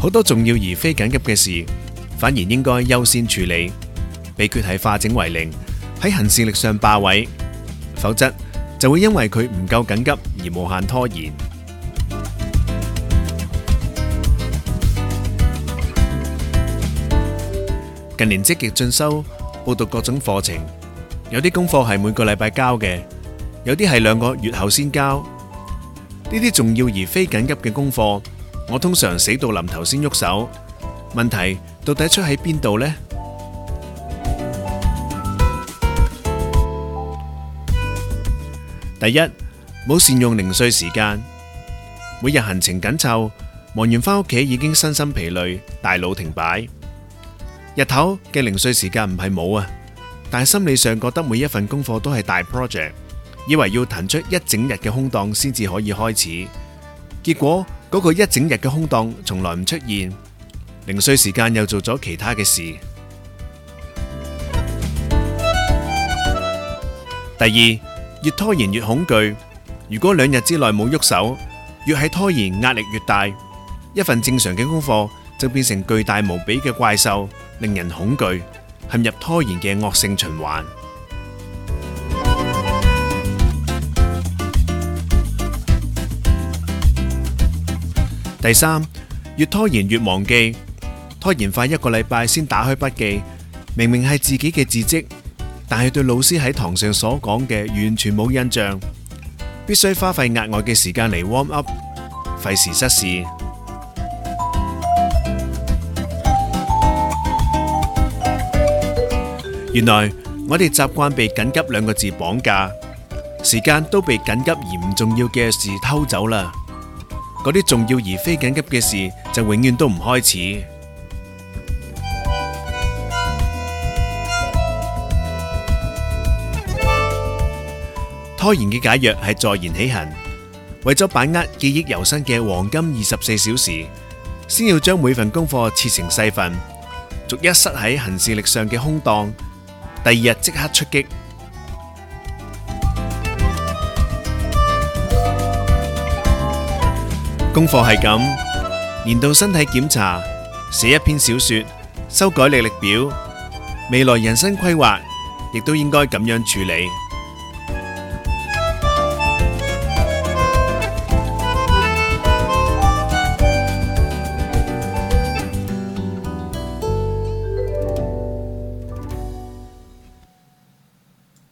好多重要而非緊急嘅事，反而應該優先處理。秘訣係化整為零，喺行事曆上霸位，否則就會因為佢唔夠緊急而無限拖延。近年積極進修，報讀各種課程。有啲功課係每個禮拜交嘅，有啲係兩個月後先交。呢啲重要而非緊急嘅功課。我通常死到臨頭先喐手，問題到底出喺邊度呢？第一，冇善用零碎時間，每日行程緊湊，忙完返屋企已經身心疲累，大腦停擺。日頭嘅零碎時間唔係冇啊，但係心理上覺得每一份功課都係大 project，以為要騰出一整日嘅空檔先至可以開始，結果。嗰個一整日嘅空檔從來唔出現，零碎時間又做咗其他嘅事。第二，越拖延越恐懼。如果兩日之內冇喐手，越係拖延壓力越大。一份正常嘅功課就變成巨大無比嘅怪獸，令人恐懼，陷入拖延嘅惡性循環。第三，越拖延越忘記，拖延快一個禮拜先打開筆記，明明係自己嘅字跡，但係對老師喺堂上所講嘅完全冇印象，必須花費額外嘅時間嚟 warm up，費時失事。原來我哋習慣被緊急兩個字綁架，時間都被緊急而唔重要嘅事偷走啦。嗰啲重要而非緊急嘅事就永遠都唔開始。拖延嘅解藥係坐言起行，為咗把握記憶猶新嘅黃金二十四小時，先要將每份功課切成細份，逐一塞喺行事曆上嘅空檔，第二日即刻出擊。功課係噉，年度身體檢查、寫一篇小說、修改履歷表、未來人生規劃，亦都應該噉樣處理。